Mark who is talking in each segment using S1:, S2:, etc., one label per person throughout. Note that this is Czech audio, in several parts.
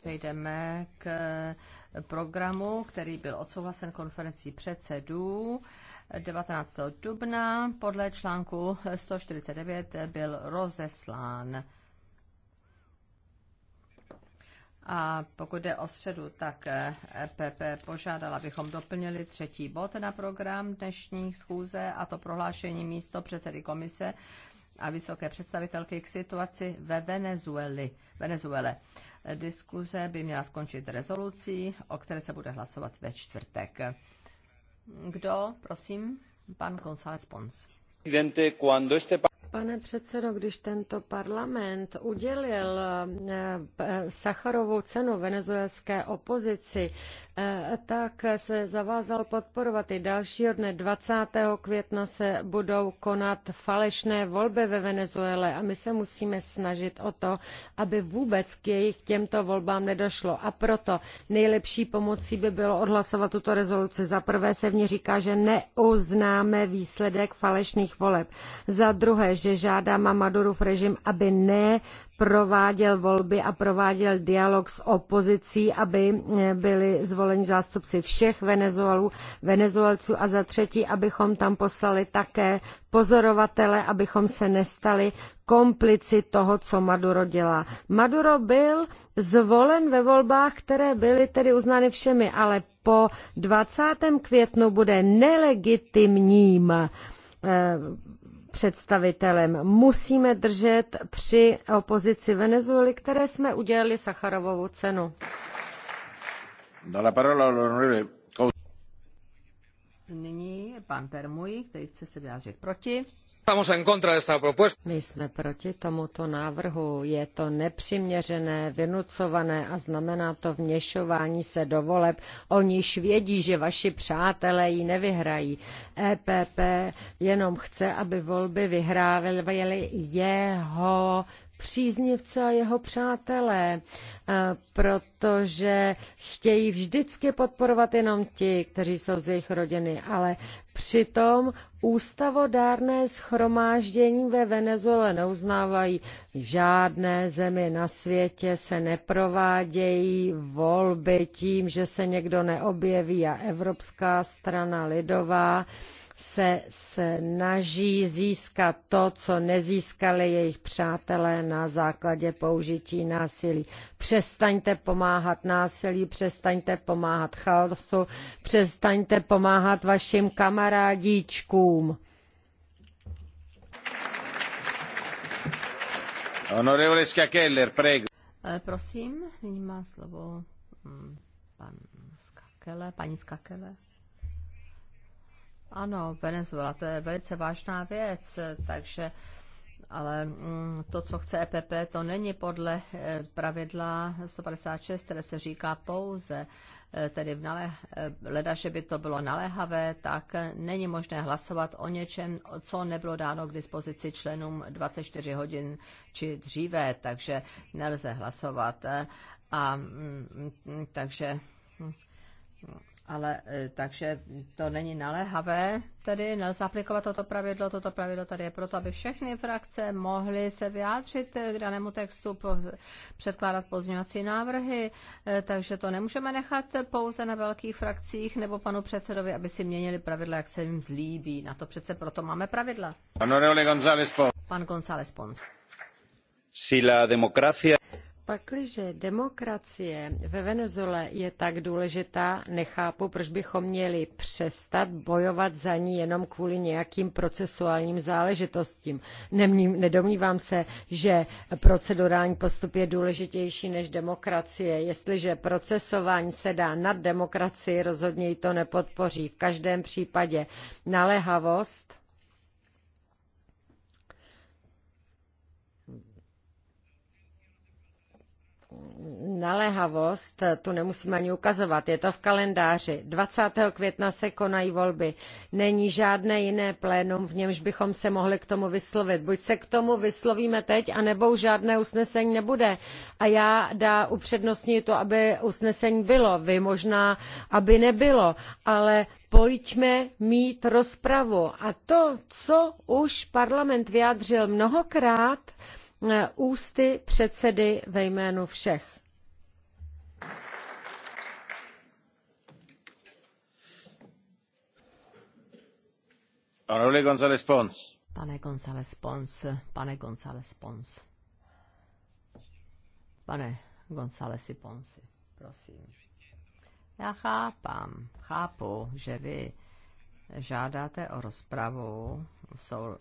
S1: Přejdeme k eh, programu, který byl odsouhlasen konferencí předsedů 19. dubna. Podle článku 149 byl rozeslán. A pokud jde o středu, tak PP eh, e požádala, abychom doplnili třetí bod na program dnešní schůze, a to prohlášení místo předsedy komise a vysoké představitelky k situaci ve Venezueli. Venezuele. Diskuze by měla skončit rezolucí, o které se bude hlasovat ve čtvrtek.
S2: Kdo, prosím, pan González Pons. Pane předsedo, když tento parlament udělil eh, Sacharovou cenu venezuelské opozici, E, tak se zavázal podporovat i další. Dne 20. května se budou konat falešné volby ve Venezuele a my se musíme snažit o to, aby vůbec k jejich těmto volbám nedošlo. A proto nejlepší pomocí by bylo odhlasovat tuto rezoluci. Za prvé se v ní říká, že neuznáme výsledek falešných voleb. Za druhé, že žádá Madurův režim, aby ne prováděl volby a prováděl dialog s opozicí, aby eh, byli zvoleni zástupci všech Venezuelů, Venezuelců a za třetí, abychom tam poslali také pozorovatele, abychom se nestali komplici toho, co Maduro dělá. Maduro byl zvolen ve volbách, které byly tedy uznány všemi, ale po 20. květnu bude nelegitimním eh, představitelem. Musíme držet při opozici Venezuely, které jsme udělali Sacharovovu cenu. Nyní pan Permuj, který chce se vyjádřit proti. My jsme proti tomuto návrhu. Je to nepřiměřené, vynucované a znamená to vněšování se do voleb. Oni vědí, že vaši přátelé ji nevyhrají. EPP jenom chce, aby volby vyhrávali jeho příznivce a jeho přátelé, eh, protože chtějí vždycky podporovat jenom ti, kteří jsou z jejich rodiny, ale přitom ústavodárné schromáždění ve Venezuele neuznávají. V žádné zemi na světě se neprovádějí volby tím, že se někdo neobjeví a Evropská strana lidová se snaží získat to, co nezískali jejich přátelé na základě použití násilí. Přestaňte pomáhat násilí, přestaňte pomáhat chaosu, přestaňte pomáhat vašim kamarádíčkům.
S3: Honorevole Skakeller, prego.
S2: Eh, prosím, nyní má slovo
S1: mm, pan Skakele, paní Skakele. Ano, Venezuela, to je velice vážná věc, takže ale mm, to, co chce EPP, to není podle eh, pravidla 156, které se říká pouze, eh, tedy v nale, eh, leda, že by to bylo naléhavé, tak není možné hlasovat o něčem, co nebylo dáno k dispozici členům 24 hodin či dříve, takže nelze hlasovat. A mm, mm, takže ale e, takže to není naléhavé, tedy nelze aplikovat toto pravidlo. Toto pravidlo tady je proto, aby všechny frakce mohly se vyjádřit k danému textu, po, předkládat pozměňovací návrhy, e, takže to nemůžeme nechat pouze na velkých frakcích nebo panu předsedovi, aby si měnili pravidla, jak se jim zlíbí. Na to přece proto máme pravidla. Pan González Pons.
S3: Si la democracia...
S2: Pakliže demokracie ve Venezuele je tak důležitá, nechápu, proč bychom měli přestat bojovat za ní jenom kvůli nějakým procesuálním záležitostím. Nemním, nedomnívám se, že procedurální postup je důležitější než demokracie. Jestliže procesování se dá nad demokracii, rozhodně ji to nepodpoří. V každém případě naléhavost naléhavost tu nemusím ani ukazovat. Je to v kalendáři. 20. května se konají volby. Není žádné jiné plénum, v němž bychom se mohli k tomu vyslovit. Buď se k tomu vyslovíme teď, anebo už žádné usnesení nebude. A já dá upřednostní to, aby usnesení bylo. Vy možná, aby nebylo. Ale pojďme mít rozpravu. A to, co už parlament vyjádřil mnohokrát, Eh, ústy předsedy ve jménu všech.
S3: Pane González Pons.
S1: Pane González Pons, pane González Pons. Pane González Pons. prosím. Já chápám, chápu, že vy žádáte o rozpravu v, sou,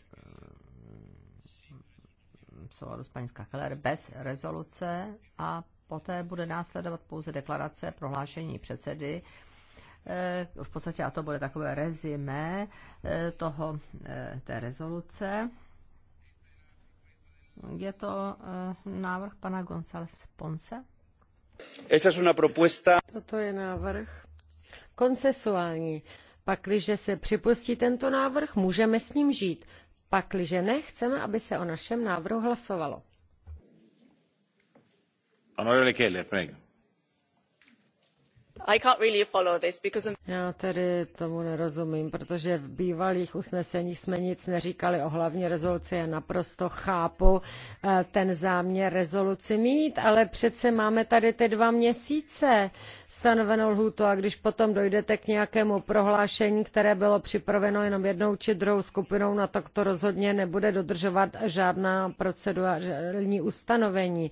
S1: v do s Keller bez rezoluce a poté bude následovat pouze deklarace prohlášení předsedy. Eh, v podstatě a to bude takové rezime eh, toho, eh, té rezoluce.
S2: Je to návrh pana González Ponce? Toto je návrh koncesuální. Pakliže se připustí tento návrh, můžeme s ním žít Pakliže ne, chceme, aby se o našem návrhu hlasovalo.
S3: Honorable Keller, prego.
S2: Já tedy tomu nerozumím, protože v bývalých usneseních jsme nic neříkali o hlavní rezoluci. Já naprosto chápu eh, ten záměr rezoluci mít, ale přece máme tady ty dva měsíce stanovenou lhůtu a když potom dojdete k nějakému prohlášení, které bylo připraveno jenom jednou či druhou skupinou, na no tak to rozhodně nebude dodržovat žádná procedurální ustanovení.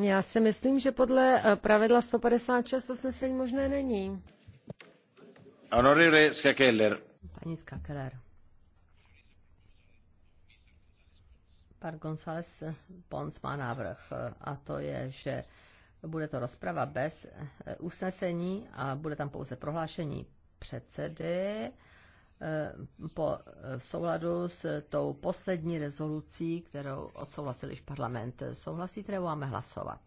S2: Já si myslím, že podle eh, pravidla 156 usnesení možné není.
S3: Honorable Skakeller.
S2: Paní Skakeller. Pan
S1: González Pons má návrh eh, a to je, že bude to rozprava bez eh, usnesení a bude tam pouze prohlášení předsedy. Eh, po, eh, v souladu s tou poslední rezolucí, kterou odsouhlasil již parlament. Souhlasíte které máme hlasovat?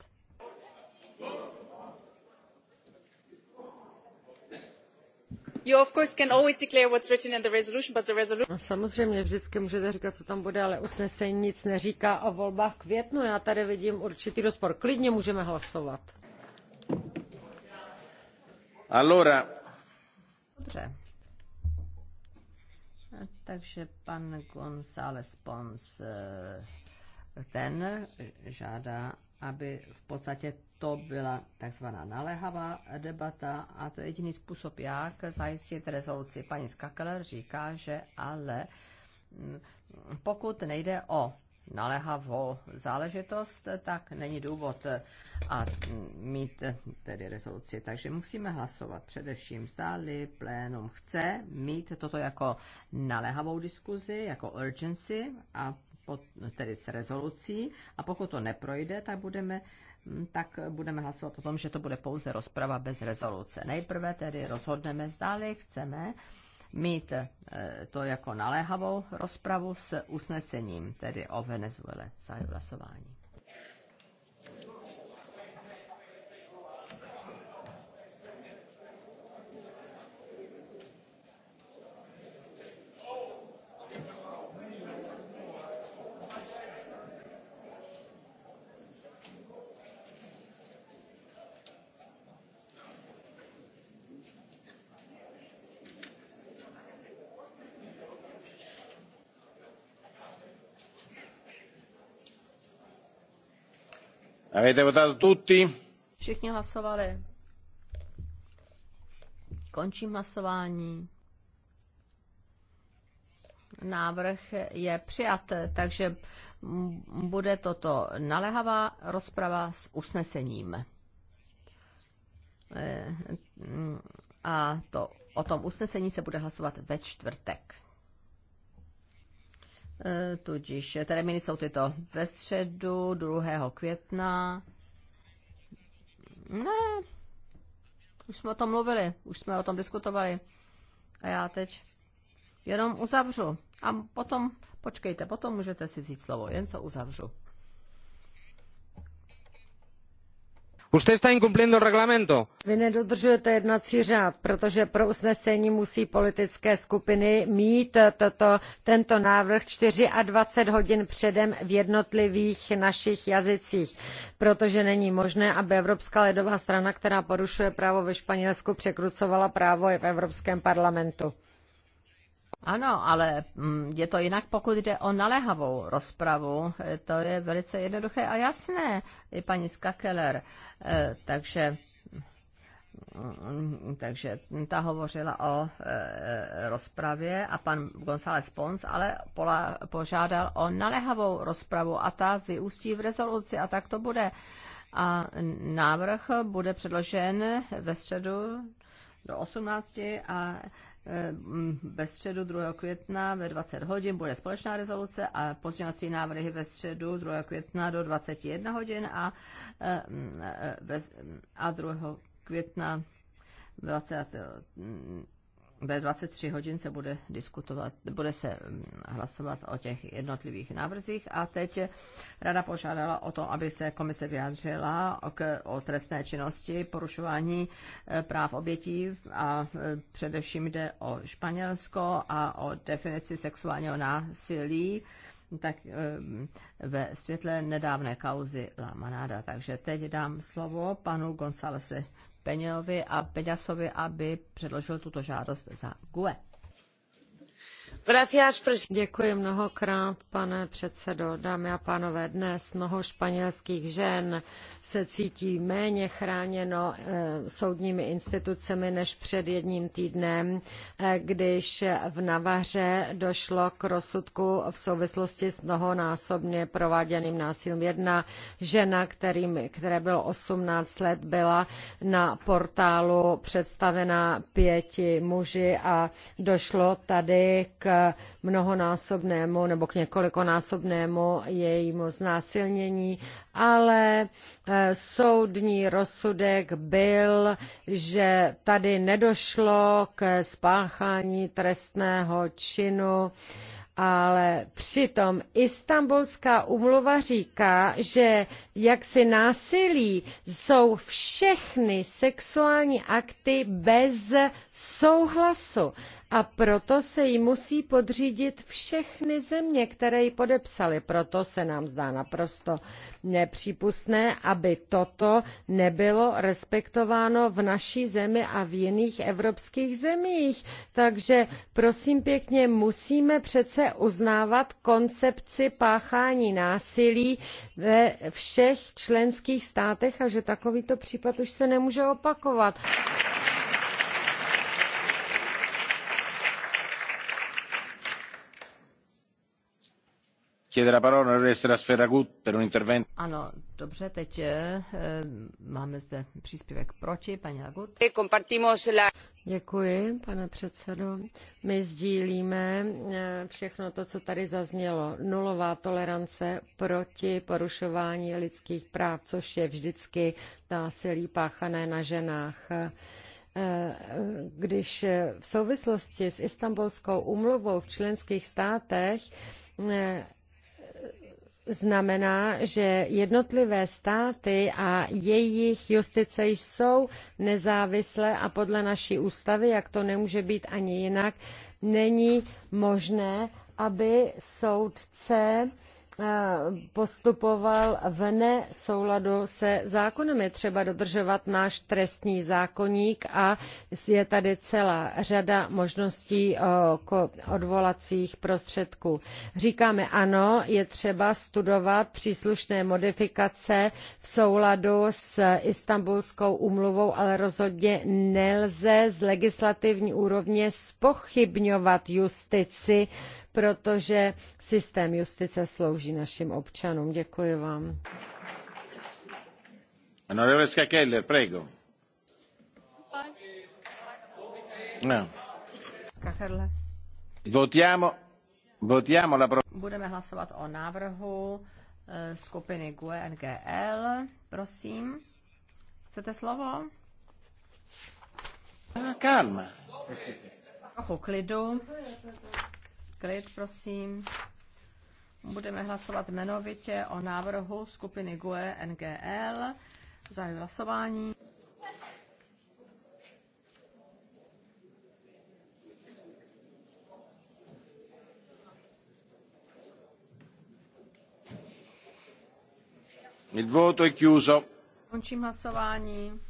S2: Samozřejmě vždycky můžete říkat, co tam bude, ale usnesení nic neříká o volbách květnu. Já tady vidím určitý rozpor. Klidně můžeme hlasovat. Allora. Dobře.
S1: Takže pan González Pons, eh, ten žádá, aby v podstatě to byla takzvaná naléhavá debata a to je jediný způsob, jak zajistit rezoluci. Paní Skakler říká, že ale mm, pokud nejde o naléhavou záležitost, tak není důvod eh, a mm, mít eh, tedy rezoluci. Takže musíme hlasovat především, zdáli plénum chce mít toto jako naléhavou diskuzi, jako urgency a pod, tedy s rezolucí a pokud to neprojde, tak budeme mm, tak budeme hlasovat o tom, že to bude pouze rozprava bez rezoluce. Nejprve tedy rozhodneme, zdáli chceme mít eh, to jako naléhavou rozpravu s usnesením, tedy o Venezuele. Zahajuji hlasování.
S3: Avete votato tutti?
S1: Všichni hlasovali. Končím hlasování. Návrh je přijat, takže bude toto nalehavá rozprava s usnesením. Eh, a to o tom usnesení se bude hlasovat ve čtvrtek. Eh, tudíž termíny jsou tyto ve středu 2. května. Ne, už jsme o tom mluvili, už jsme o tom diskutovali. A já teď jenom uzavřu. A potom, počkejte, potom můžete si vzít slovo, jen co uzavřu.
S3: Usted está incumpliendo el reglamento.
S2: Vy nedodržujete jednací řád, protože pro usnesení musí politické skupiny mít toto, tento návrh 24 hodin předem v jednotlivých našich jazycích, protože není možné, aby Evropská lidová strana, která porušuje právo ve Španělsku, překrucovala právo v Evropském parlamentu.
S1: Ano, ale mm, je to jinak, pokud jde o naléhavou rozpravu. Eh, to je velice jednoduché a jasné, i paní Skakeler. Eh, takže mm, takže ta hovořila o eh, rozpravě a pan González Pons ale požádal o naléhavou rozpravu a ta vyústí v rezoluci a tak to bude. A návrh bude předložen ve středu do 18 a Eh, ve středu 2. května ve 20 hodin bude společná rezoluce a pozměňovací návrhy ve středu 2. května do 21 hodin a, eh, eh, a 2. května 20, ve 23 hodin se bude diskutovat, bude se mm, hlasovat o těch jednotlivých návrzích a teď rada požádala o to, aby se komise vyjádřila k, o trestné činnosti, porušování e, práv obětí a e, především jde o Španělsko a o definici sexuálního násilí tak e, ve světle nedávné kauzy La Manada. Takže teď dám slovo panu Gonzalesi Peňovi a Peňasovi, aby předložil tuto žádost za GUE.
S2: Děkuji mnohokrát, pane předsedo. Dámy a pánové, dnes mnoho španělských žen se cítí méně chráněno eh, soudními institucemi než před jedním týdnem, eh, když v Navaře došlo k rozsudku v souvislosti s mnohonásobně prováděným násilím. Jedna žena, kterým, které bylo 18 let, byla na portálu představena pěti muži a došlo tady k mnohonásobnému nebo k několikonásobnému jejímu znásilnění, ale eh, soudní rozsudek byl, že tady nedošlo k spáchání trestného činu ale přitom Istanbulská umluva říká, že jaksi násilí jsou všechny sexuální akty bez souhlasu a proto se jí musí podřídit všechny země, které ji podepsaly. Proto se nám zdá naprosto nepřípustné, aby toto nebylo respektováno v naší zemi a v jiných evropských zemích. Takže prosím pěkně, musíme přece uznávat koncepci páchání násilí ve všech členských státech a že takovýto případ už se nemůže opakovat.
S3: Eh, eh,
S1: máme proti,
S2: eh, Děkuji, pane předsedo. My sdílíme všechno to, co tady zaznělo. Nulová tolerance proti porušování lidských práv, což je vždycky násilí páchané na ženách když v souvislosti s Istanbulskou umluvou v členských státech znamená, že jednotlivé státy a jejich justice jsou nezávislé a podle naší ústavy, jak to nemůže být ani jinak, není možné, aby soudce Eh, postupoval v nesouladu se zákonem. Je třeba dodržovat náš trestní zákoník a je tady celá řada možností eh, odvolacích prostředků. Říkáme ano, je třeba studovat příslušné modifikace v souladu s Istanbulskou umluvou, ale rozhodně nelze z legislativní úrovně spochybňovat justici protože systém justice slouží našim občanům. Děkuji vám. Keller,
S3: No. pro...
S1: Budeme hlasovat o návrhu eh, skupiny GUE NGL. Prosím, chcete slovo? Kalma. Ah, Trochu klidu. Klid, prosím. Budeme hlasovat jmenovitě o návrhu skupiny GUE NGL. Zahajuji hlasování.
S3: Il voto è chiuso.
S1: Končím hlasování.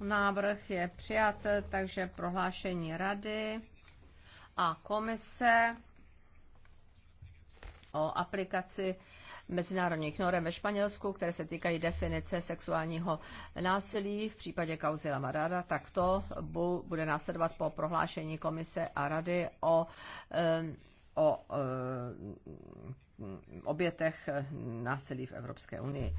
S1: Návrh je přijat, takže prohlášení rady a komise o aplikaci mezinárodních norem ve Španělsku, které se týkají definice sexuálního násilí v případě kauzy Lamarada, tak to bude následovat po prohlášení komise a rady o, o, o obětech násilí v Evropské unii.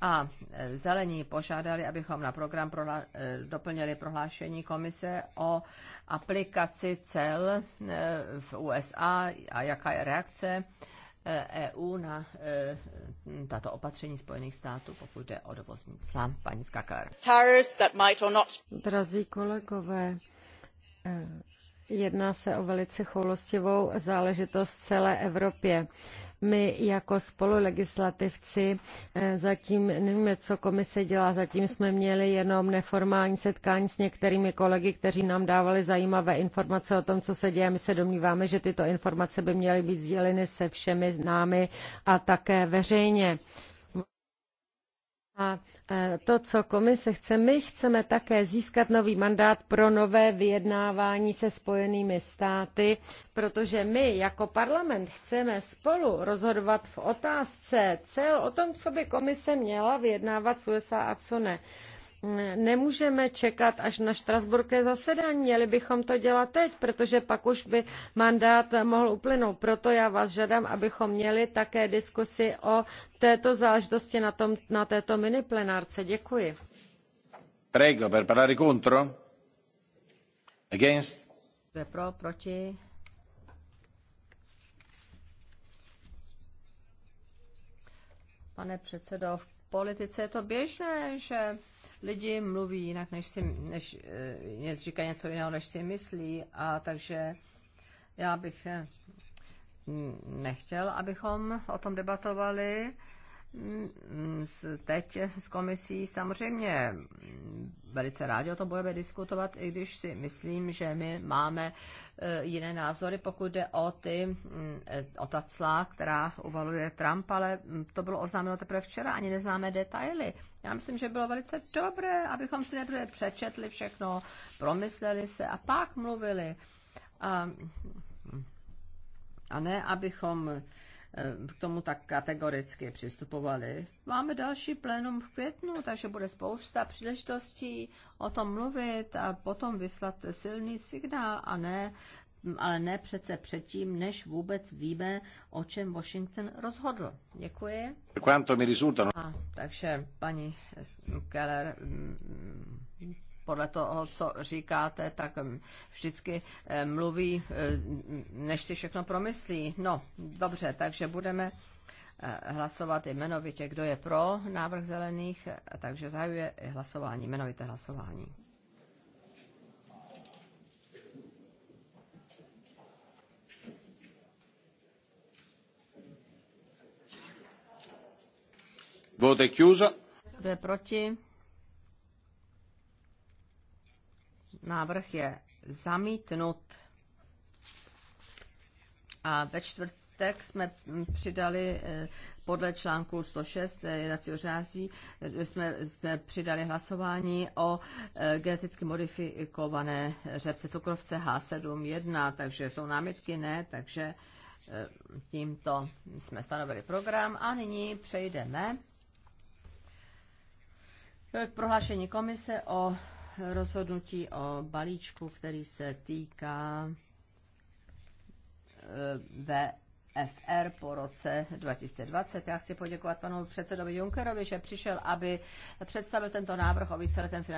S1: A e, zelení požádali, abychom na program prohla- e, doplnili prohlášení komise o aplikaci cel e, v USA a jaká je reakce EU na tato opatření Spojených států, pokud jde o dovozní cla. Paní Skakar.
S2: Drazí kolegové, jedná se o velice choulostivou záležitost celé Evropě. My jako spolulegislativci eh, zatím nevíme, co komise dělá. Zatím jsme měli jenom neformální setkání s některými kolegy, kteří nám dávali zajímavé informace o tom, co se děje. My se domníváme, že tyto informace by měly být sděleny se všemi námi a také veřejně a e, to, co komise chce, my chceme také získat nový mandát pro nové vyjednávání se spojenými státy, protože my jako parlament chceme spolu rozhodovat v otázce cel o tom, co by komise měla vyjednávat s USA a co ne nemůžeme čekat až na štrasburské zasedání, měli bychom to dělat teď, protože pak už by mandát mohl uplynout. Proto já vás žádám, abychom měli také diskusi o této záležitosti na, tom, na této miniplenárce. Děkuji.
S3: Prego, per parlare contro? Against?
S1: Pro, proti? Pane předsedo, v politice je to běžné, že lidi mluví jinak, než si, než, eh, než říkají něco jiného, než si myslí a takže já bych eh, nechtěl, abychom o tom debatovali teď s komisí samozřejmě velice rádi o tom budeme diskutovat, i když si myslím, že my máme eh, jiné názory, pokud jde o ty, mm, o ta cla, která uvaluje Trump, ale mm, to bylo oznámeno teprve včera, ani neznáme detaily. Já myslím, že bylo velice dobré, abychom si nejprve přečetli všechno, promysleli se a pak mluvili. A, mm, a ne, abychom Eh, k tomu tak kategoricky přistupovali. Máme další plénum v květnu, takže bude spousta příležitostí o tom mluvit a potom vyslat silný signál a ne ale ne přece předtím, než vůbec víme, o čem Washington rozhodl. Děkuji.
S3: to mi risultano. A,
S1: takže paní Keller, mm, podle toho, co říkáte, tak vždycky mluví, než si všechno promyslí. No, dobře, takže budeme eh, hlasovat jmenovitě, kdo je pro návrh zelených, takže zahajuje hlasování, jmenovité hlasování.
S3: Voto chiuso.
S1: Kdo je proti? Návrh je zamítnut. A ve čtvrtek jsme přidali eh, podle článku 106 jednacího řází eh, jsme, jsme přidali hlasování o eh, geneticky modifikované řepce cukrovce H7.1, takže jsou námitky, ne, takže tímto jsme stanovili program a nyní přejdeme k prohlášení komise o rozhodnutí o balíčku, který se týká eh, VFR po roce 2020. Já chci poděkovat panu předsedovi Junkerovi, že přišel, aby představil tento návrh o víceletém finančním